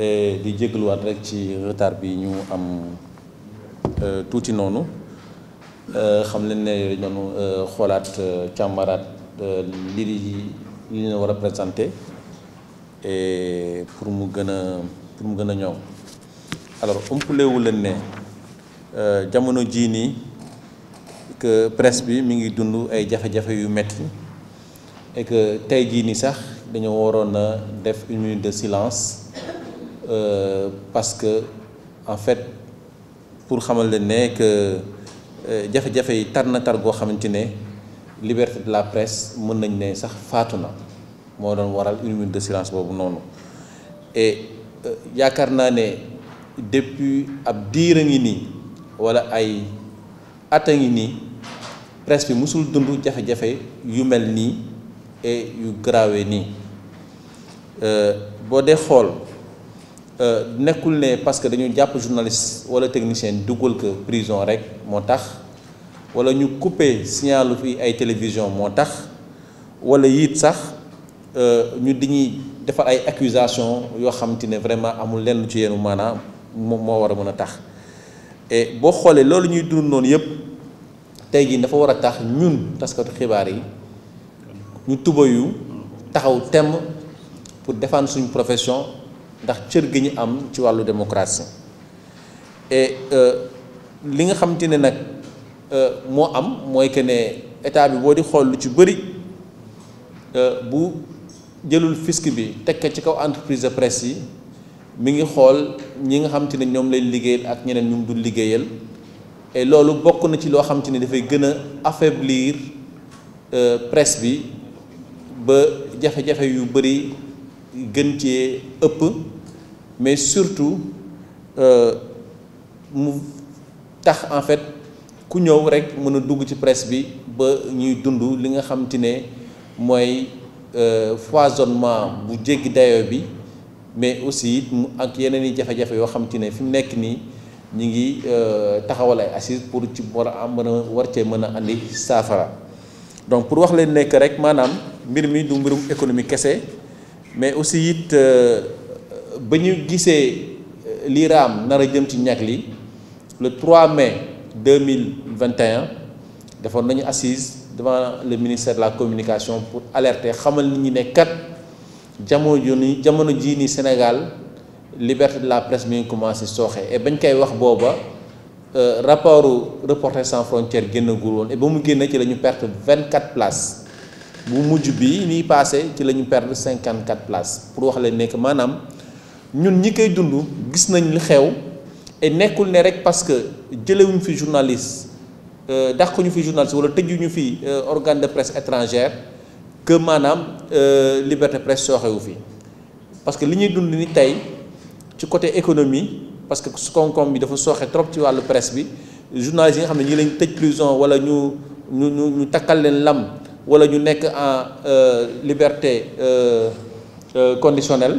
Eh, di jégaluwaat rek ci retard bi ñu am euh, tuuti noonu euh, xam leen ne dañu euh, xoolaat càmbaraat lii di li ñu war a présenté et pour mu gën a pour mu gën a ñoom alors leen ne jamono jii nii. que presse bi mi ngi dund ay jafe-jafe yu metti et que tey jii nii sax dañoo waroon a def une de silence euh, que en fait pour xamal leen ne que euh, jafe-jafe yi tar na tar goo xamante ne liberté de la presse mën nañ ne sax faatu na moo doon waral une minute de silence boobu noonu et euh, yaakaar naa ne depuis ab diir a ngi nii walla ay. atta ngi nii presque bi musul dund jafe-jafe yu mel nii et yu garawee nii euh, boo dee xool euh, nekkul ne parce que dañu jàpp journaliste wala technicien dugal ko prison rek moo tax wala ñu couper signalu fi ay télévision moo tax wala yit sax euh, ñu diñuy defar ay accusation yoo xam ne vraiment amul lenn ci yéenu maanaam moom moo war a mën a tax et boo xoolee loolu ñuy dund noonu yëpp tey jii dafa war a tax ñun taskatu xibaar yi ñu tuba taxaw temm pour défendre suñu profession ndax cër gi ñu am ci wàllu démocratie euh, li nga xamante ne nag euh, moo am mooy que ne état bi boo di xool lu ci bëri euh, bu jëlul fisc bi teg ko ci kaw entreprise de presse yi. mi ngi xool ñi nga xam te ne ñoom lay liggéeyal ak ñeneen ñu dul liggéeyal loolu bokk na ci loo xam te ne dafay gën a affaiblir euh, presse bi ba jafe-jafe yu bëri gën cee ëpp mais surtout euh, mu tax en fait ku ñëw rek mën a dugg ci presse bi ba ñuy dund li nga xam ne mooy euh, foisonnement bu jéggi dayo bi mais aussi it mu ak yeneen i jafe-jafe yoo xam ne fi mu nekk nii ñu ngi euh, taxawal ay assises pour ci war a mën a war cee mën a andi saafara donc pour wax leen nekk rek maanaam mbir mi du mbirum économie kese mais aussi it euh, ba ñu gisee euh, lii raam nar a jëm ci ñàkk li le 3 mai 2021 defoon nañu assise devant le ministère de la communication pour alerte xamal nit ñu ne kat. jamono ji ni jamono jii nii Sénégal liberté de la presse mi ngi commencé sooxe et bañ koy wax booba euh, rapportu Reporters sans frontières génnagul woon et ba mu génne ci la ñu perte vingt quatre places bu mujj bi nii passé ci la ñu perte cinquante quatre places pour wax leen nekk maanaam ñun ñi koy dund gis nañ li xew et nekkul ne rek parce que jëlewuñu fi journaliste euh, dàquñu fi journaliste wala tëjuñu fi euh, organe de presse étrangère. que maanaam euh, liberté presse sooxewu fi parce que li ñuy dund ni tey ci côté économie parce que su bi dafa sooxe trop ci wàllu presse bi journalistes yi nga xam ne ñi lañ tëj prison wala ñu ñu ñu ñu takkal leen lam wala ñu nekk en euh, liberté euh, conditionnel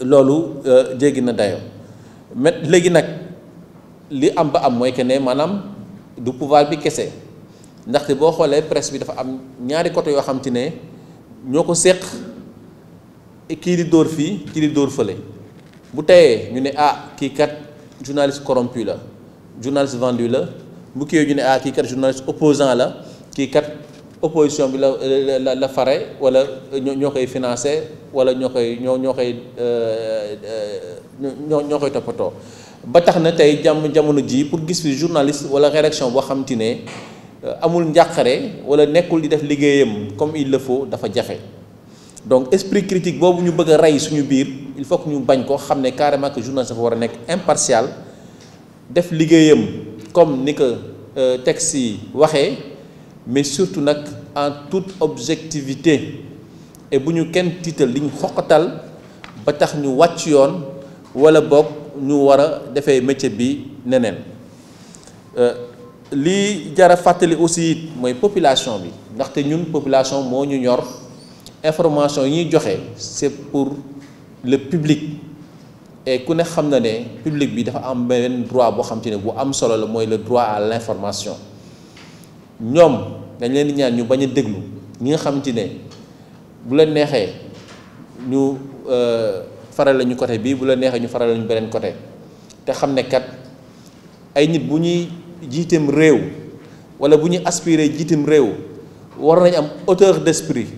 loolu jéggi na dayo met léegi nag li am ba am mooy que ne maanaam du pouvoir bi kese ndaxte boo xoolee presse bi dafa am ñaari côté yoo xam ne ñoo ko séq kii di dóor fii kii di dóor fële bu teyee ñu ne ah kii kat journaliste corrompu la journaliste vendu la bu kiiwee ñu ne ah kii kat journaliste opposant la kii kat opposition bi la la fare wala ñoo koy financé wala ñoo koy ñoo ñoo koy euh, euh, ñoo ñoo koy toppatoo ba tax na tey jàmm jamono jii pour gis fi journaliste wala rédaction boo xam ne Euh, amul njàqare wala nekkul di def liggéeyam comme il le dafa jaxe donc esprit critique boobu ñu bëgg a rey suñu biir il faut que ñu bañ ko xam ne carrément que journaliste dafa war a nekk impartial def liggéeyam comme ni ko euh, teg yi waxee mais surtout nag en toute objectivité et bu ñu kenn tiital li ñu ba tax ñu wàcc yoon wala boog ñu war a defee métier bi neneen euh, lii jara fàttali aussi it mooy population bi ndaxte ñun population moo ñu ñor information yi ñuy joxe c'est pour le public et ku ne xam na ne public bi dafa am benn droit boo xam ci ne bu am solo la mooy le droit à l'information ñoom dañ leen ñaan ñu bañ a déglu ñi nga xam ci ne bu euh, la neexee ñu faral la ñu côté bii bu la neexee ñu faral la beneen côté te xam ne kat ay nit bu ñuy. jiiteem réew wala bu ñu aspirer jiiteem réew war nañ am hauteur d'esprit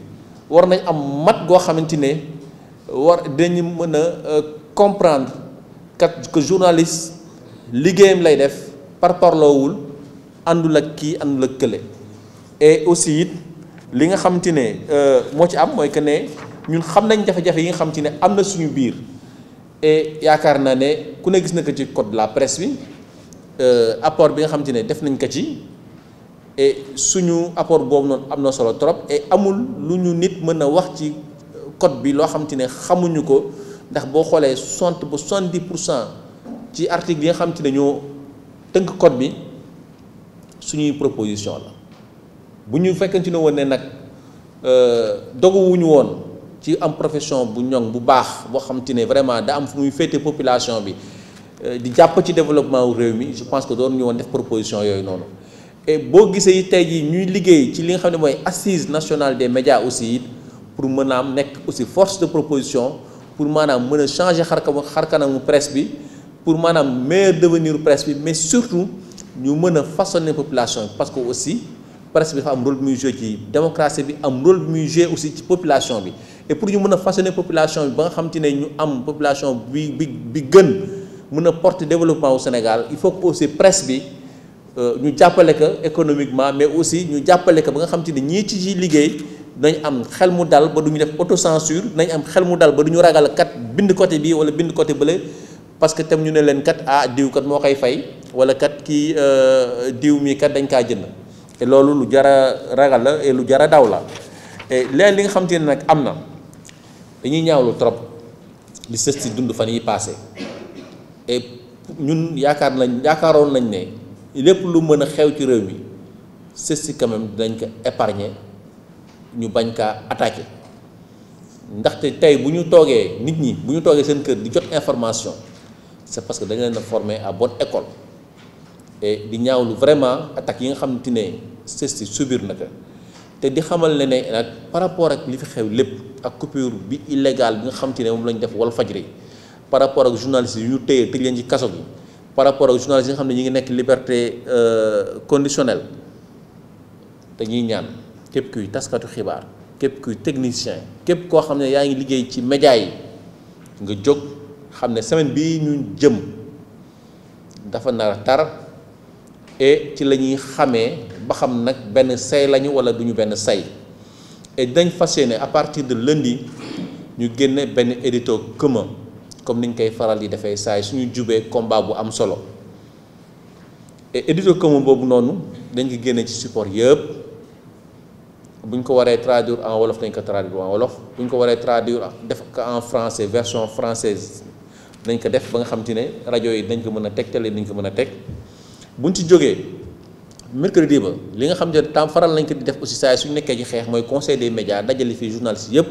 war nañ am mat goo xamante ne war dañu mën a euh, comprendre kat que journaliste liggéeyam lay def par parloowul àndul ak kii àndul ak kële aussi it li nga xamante ne euh, moo ci am mooy que ne ñun xam nañ jafe-jafe yi nga xamante ne am na suñu biir et yaakaar naa ne ku ne gis na ko ci code la presse bi Euh, apport bi nga xamante ne def nañ ko ci suñu apport boobu noonu am na solo trop et amul lu ñu nit mën na wax ci code bi loo xamante ne xamuñu ko ndax boo xoolee soixante ba soixante-dix pour cent ci article yi nga xamante ne ñoo tënk code bi suñuy proposition la bu ñu fekkante ne woon ne nag euh, doguwuñu woon ci am profession bu ñoŋ bu baax boo xamante ne vraiment da am fu muy féete population bi Euh, di jàpp ci développement réew mi je pense que doon ñu woon def proposition yooyu noonu boo gisee yi tey jii ñuy liggéey ci li nga xam ne mooy assise nationale des médias aussi it pour mën a am nekk aussi force de proposition pour maanaam mën a changer xarkam xarkanamu presse bi pour maanaam meilleur devenir presse bi mais surtout ñu mën a façonner population parce que aussi presse bi dafa am rôle bi muy joué ci démocratie bi am rôle bi muy joué aussi ci population bi et pour ñu mën a façonner population bi ba nga ne am population bi bi bi gën mën a porter développement Sénégal il faut que aussi presse bi euh, ñu jàppale ko économiquement mais aussi ñu jàppale ko ba nga xam te ni ñii ci ci liggéey nañ am xel mu dal ba du ñu def autocensure nañ am xel mu dal ba du ñu ragal kat bind côté bii wala bind côté bële parce que tam ñu ne leen kat ah diw kat moo koy fay wala kat kii euh, diw mii kat dañ kaa jënd te loolu lu jar a ragal la lu jar a daw la leen li nga xam te ne nag am na dañuy ñaawlu trop li sës si dund fan yi paase. et ñun yaakaar nañ yaakaaroon nañ ne lépp lu mën a xew ci réew mi c'est si quand dinañ ko épargner ñu bañ kaa attaque ndaxte tey bu ñu toogee nit ñi bu ñu toogee seen kër di jot information c'est parce que dañ leen a former à bonne école e di ñaawlu vraiment attaques yi nga xamante ne CESTI subir na te di xamal ne ne nag par rapport ak li fi xew lépp ak coupure bi illégale bi nga xamante ne moom lañ def faj Walfadjri par rapport ak journalistes yi ñu téye tëj leen kaso gi par rapport ak journalistes yi nga xam ne ñu ngi nekk liberté euh, conditionnelle dañuy ñaan képp kuy taskatu xibaar képp kuy technicien képp koo xam ne yaa ngi liggéey ci média yi nga jóg xam ne semaine bi ñu jëm dafa nar a tar et ci la ñuy xamee ba xam nag benn say lañu wala duñu benn say et dañ fas yéene à partir de lundi ñu génne benn édito commun comme niñ koy faral di defee saay suñu jubee combat bu am solo et édito commun boobu noonu dañ ko génne ci support yëpp buñ ko waree traduire en wolof dañ ko traduire en wolof buñ ko waree traduire def ko en français version francaise dañ ko def ba nga xam te ne rajo yi dañ ko mën a teg télé dañ ko mën a teg buñ ci jógee mercredi ba li nga xam te ne tam faral nañ ko di def aussi saay suñ nekkee ci xeex mooy conseil des médias dajale fii journalistes yëpp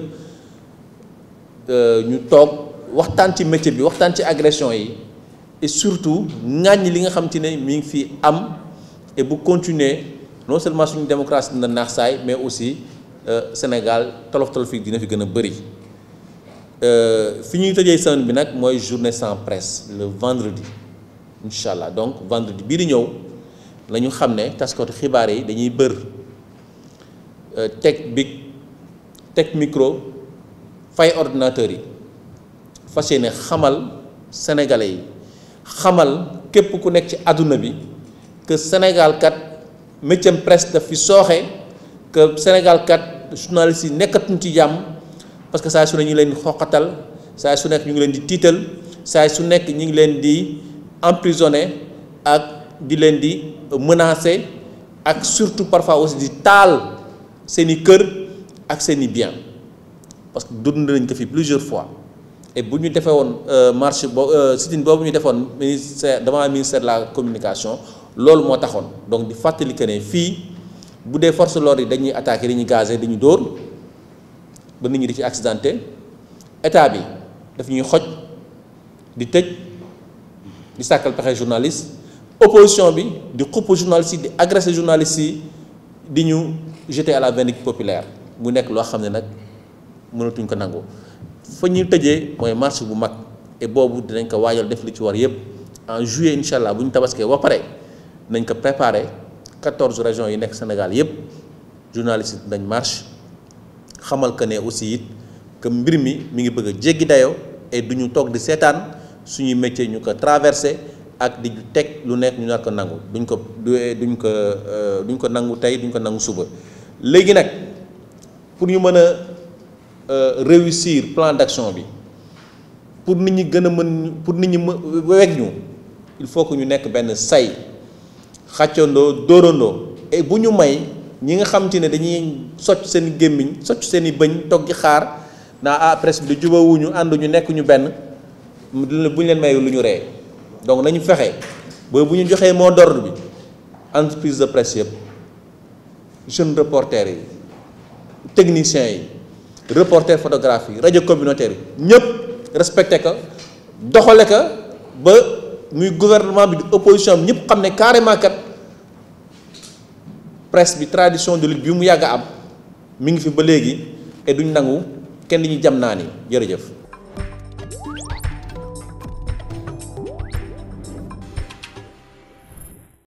euh, ñu toog waxtaan ci métier bi waxtaan ci agression yi et surtout ŋàññi li nga xam te ne mi ngi fi am et bu continuer non seulement suñu démocratie dina naax saay mais aussi euh, Sénégal tolof tolof yi dina fi gën a bëri euh, fi ñuy tëjee semaine bi nag mooy journée sans presse le vendredi incha allah donc vendredi bii di ñëw la ñu xam ne taskatu xibaar yi dañuy bër teg euh, teg micro fay ordinateur yi fas yéene xamal sénégalais yi xamal képp ku nekk ci àdduna bi que Sénégal kat métier presse fi sooxe que Sénégal kat journalistes yi nekkatuñ ci jàmm parce que saa su ne ñu ngi xoqatal saa su nekk ñu ngi leen di tiital saa su nekk ñu ngi leen di emprisonné ak di leen di mënaase ak surtout parfois aussi di taal seeni kër ak seeni bien parce que dund nañ ko fi plusieurs fois. et bu ñu defee woon euh, marche bo euh, sit-in boobu ñu defoon ministère devant ministère de la communication loolu moo taxoon donc di fàttali que ne fii bu dee force de yi dañuy attaqué dañuy gazé dañuy dóor ba nit ñi di ci accidenté état bi daf ñuy xoj di tëj di sàkkal pexe journaliste opposition bi di xupp journaliste yi di agressé journaliste yi di ñu jeter à la vindicte populaire mu nekk loo xam ne nag mënatuñ ko nangu fa ñu tëjee mooy marché bu mag boobu dinañ ko waajal def li ci war yëpp en juillet incha allah bu ñu tabaskee ba pare nañ ko préparé quatorze régions yi nekk Sénégal yëpp journaliste dañ marche xamal que ne aussi it que mbir mi mu ngi bëgg a jéggi dayoo et du ñu toog di seetaan suñuy métier ñu ko traversé ak di teg lu nekk ñu nar ko nangu duñ ko duñ ko euh, duñ ko nangu tey duñ ko nangu suba léegi nag pour ñu mën Euh, réussir plan d'action bi pour nit ñi gën a mën pour nit ñi më weg ñu il faut que ñu nekk benn say xàccandoo dóorandoo et bu ñu may ñi nga xam te ne dañuy socc seen gémmiñ socc seen i bëñ toog di xaar naa ah presse bi di jubawuñu ànd ñu nekk ñu benn bu ñu leen may lu ñu ree donc nañu fexe booy bu ñu joxee moo d'ordre bi entreprise de presse yëpp jeune reporter yi techniciens yi reporter photographe yi rajo communautaire yi ñëpp respecté ko doxale ka ba muy gouvernement bi di opposition bi ñëpp xam ne carrément kat bi tradition de lutte bi mu yàgg am mi ngi fi ba léegi et duñ nangu kenn di ñu jam naa ni jërëjëf